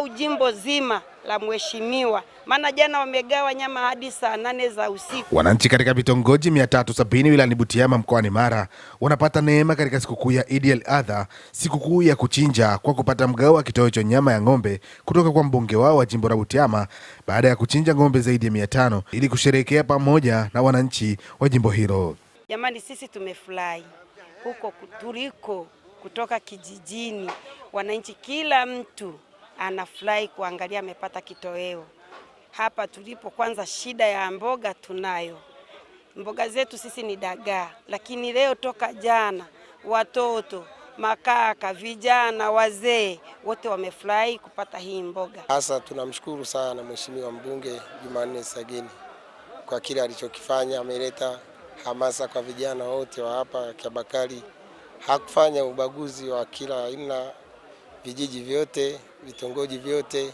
au jimbo zima la mheshimiwa, maana jana wamegawa nyama hadi saa nane za usiku. Wananchi katika vitongoji 370 wilayani Butiama mkoani Mara wanapata neema katika sikukuu ya Eid el Adha, sikukuu ya kuchinja, kwa kupata mgao wa kitoweo cha nyama ya ng'ombe kutoka kwa mbunge wao wa jimbo la Butiama baada ya kuchinja ng'ombe zaidi ya 500 ili kusherehekea pamoja na wananchi wa jimbo hilo. Jamani, sisi tumefurahi huko tuliko kutoka kijijini, wananchi kila mtu anafurahi kuangalia amepata kitoweo. Hapa tulipo, kwanza shida ya mboga tunayo, mboga zetu sisi ni dagaa, lakini leo toka jana watoto makaka vijana wazee wote wamefurahi kupata hii mboga. Sasa tunamshukuru sana Mheshimiwa mbunge Jumanne Sagini kwa kile alichokifanya. Ameleta hamasa kwa vijana wote wa hapa kiabakari hakufanya ubaguzi wa kila aina vijiji vyote, vitongoji vyote,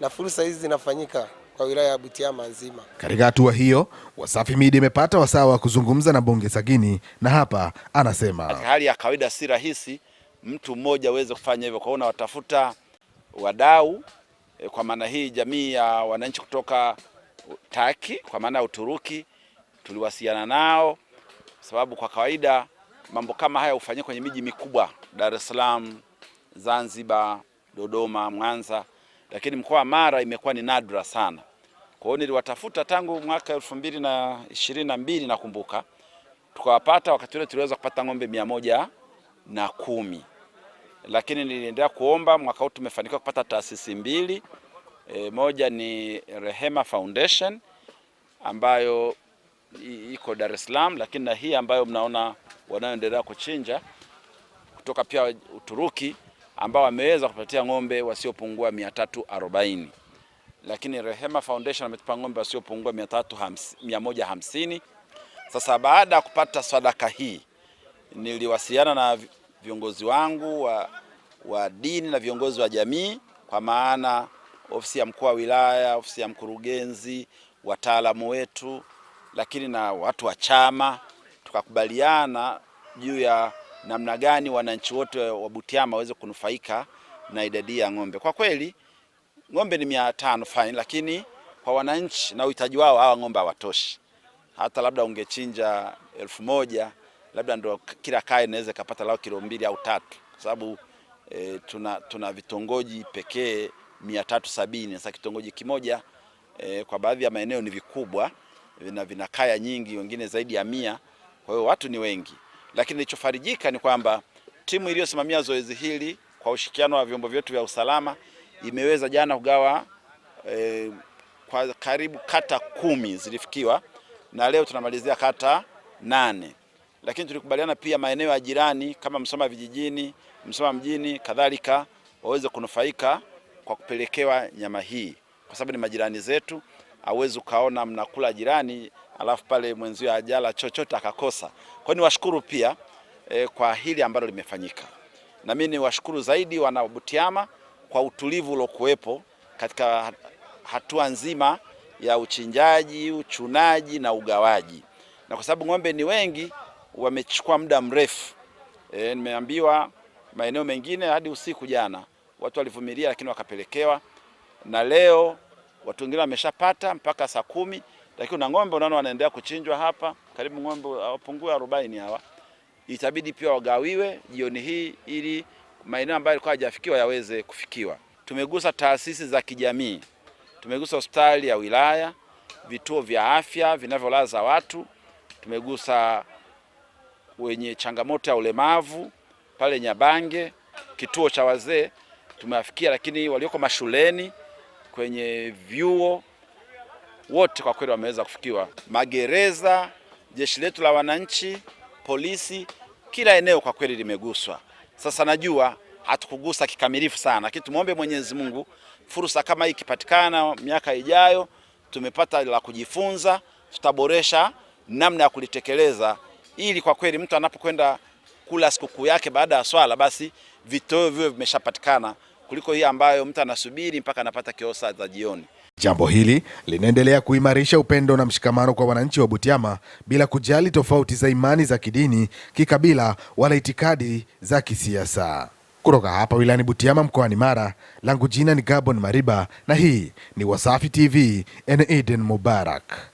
na fursa hizi zinafanyika kwa wilaya ya Butiama nzima. Katika hatua hiyo, Wasafi Media imepata wasaa wa kuzungumza na Bonge Sagini, na hapa anasema hali ya kawaida si rahisi mtu mmoja aweze kufanya hivyo, kwa hiyo unawatafuta wadau e, kwa maana hii jamii ya wananchi kutoka Taki, kwa maana ya Uturuki, tuliwasiliana nao sababu kwa kawaida mambo kama haya hufanyika kwenye miji mikubwa, Dar es Salaam Zanzibar, Dodoma, Mwanza, lakini mkoa wa Mara imekuwa ni nadra sana. Kwa hiyo niliwatafuta tangu mwaka elfu mbili na ishirini na mbili nakumbuka, tukawapata wakati ule tuliweza kupata ng'ombe mia moja na kumi lakini niliendelea kuomba. Mwaka huu tumefanikiwa kupata taasisi mbili e, moja ni Rehema Foundation ambayo iko Dar es Salaam, lakini na hii ambayo mnaona wanayoendelea kuchinja kutoka pia Uturuki ambao wameweza kupatia ng'ombe wasiopungua 340 lakini Rehema Foundation ametupa ng'ombe wasiopungua 150. Sasa baada ya kupata sadaka hii, niliwasiliana na viongozi wangu wa, wa dini na viongozi wa jamii, kwa maana ofisi ya mkuu wa wilaya, ofisi ya mkurugenzi, wataalamu wetu, lakini na watu wa chama, tukakubaliana juu ya namna gani wananchi wote wa Butiama waweze kunufaika na idadi ya ng'ombe. Kwa kweli ng'ombe ni mia tano fine, lakini kwa wananchi na uhitaji wao hawa ng'ombe hawatoshi. Hata labda ungechinja elfu moja labda ndo kila kaya inaweza ikapata lao kilo mbili au tatu, kwa sababu e, tuna, tuna vitongoji pekee mia tatu sabini. Sasa kitongoji kimoja e, kwa baadhi ya maeneo ni vikubwa vina kaya nyingi, wengine zaidi ya mia, kwa hiyo watu ni wengi. Lakini nilichofarijika ni kwamba timu iliyosimamia zoezi hili kwa ushirikiano wa vyombo vyetu vya usalama imeweza jana kugawa e, kwa karibu kata kumi zilifikiwa na leo tunamalizia kata nane, lakini tulikubaliana pia maeneo ya jirani kama Msoma vijijini, Msoma mjini kadhalika waweze kunufaika kwa kupelekewa nyama hii kwa sababu ni majirani zetu awezi ukaona mnakula jirani alafu pale mwenzio ajala chochote akakosa. Kwa ni washukuru pia e, kwa hili ambalo limefanyika, na mimi ni washukuru zaidi wana Butiama kwa utulivu uliokuwepo katika hatua nzima ya uchinjaji, uchunaji na ugawaji, na kwa sababu ng'ombe ni wengi wamechukua muda mrefu e, nimeambiwa maeneo mengine hadi usiku jana watu walivumilia, lakini wakapelekewa na leo watu wengine wameshapata mpaka saa kumi, lakini na ng'ombe unaona wanaendelea kuchinjwa hapa, karibu ng'ombe wapungue arobaini hawa. Itabidi pia wagawiwe jioni hii ili maeneo ambayo yalikuwa hajafikiwa yaweze kufikiwa. Tumegusa taasisi za kijamii, tumegusa hospitali ya wilaya, vituo vya afya vinavyolaza watu, tumegusa wenye changamoto ya ulemavu pale Nyabange, kituo cha wazee tumewafikia, lakini walioko mashuleni kwenye vyuo wote kwa kweli wameweza kufikiwa, magereza, jeshi letu la wananchi, polisi, kila eneo kwa kweli limeguswa. Sasa najua hatukugusa kikamilifu sana, lakini tumwombe Mwenyezi Mungu fursa kama hii ikipatikana miaka ijayo, tumepata la kujifunza, tutaboresha namna ya kulitekeleza, ili kwa kweli mtu anapokwenda kula sikukuu yake baada ya swala, basi vitoweo viwe vimeshapatikana kuliko hii ambayo mtu anasubiri mpaka anapata kiosa za jioni. Jambo hili linaendelea kuimarisha upendo na mshikamano kwa wananchi wa Butiama bila kujali tofauti za imani za kidini, kikabila wala itikadi za kisiasa. Kutoka hapa wilayani Butiama mkoani Mara, langu jina ni Gabon Mariba na hii ni Wasafi TV. Eden Mubarak.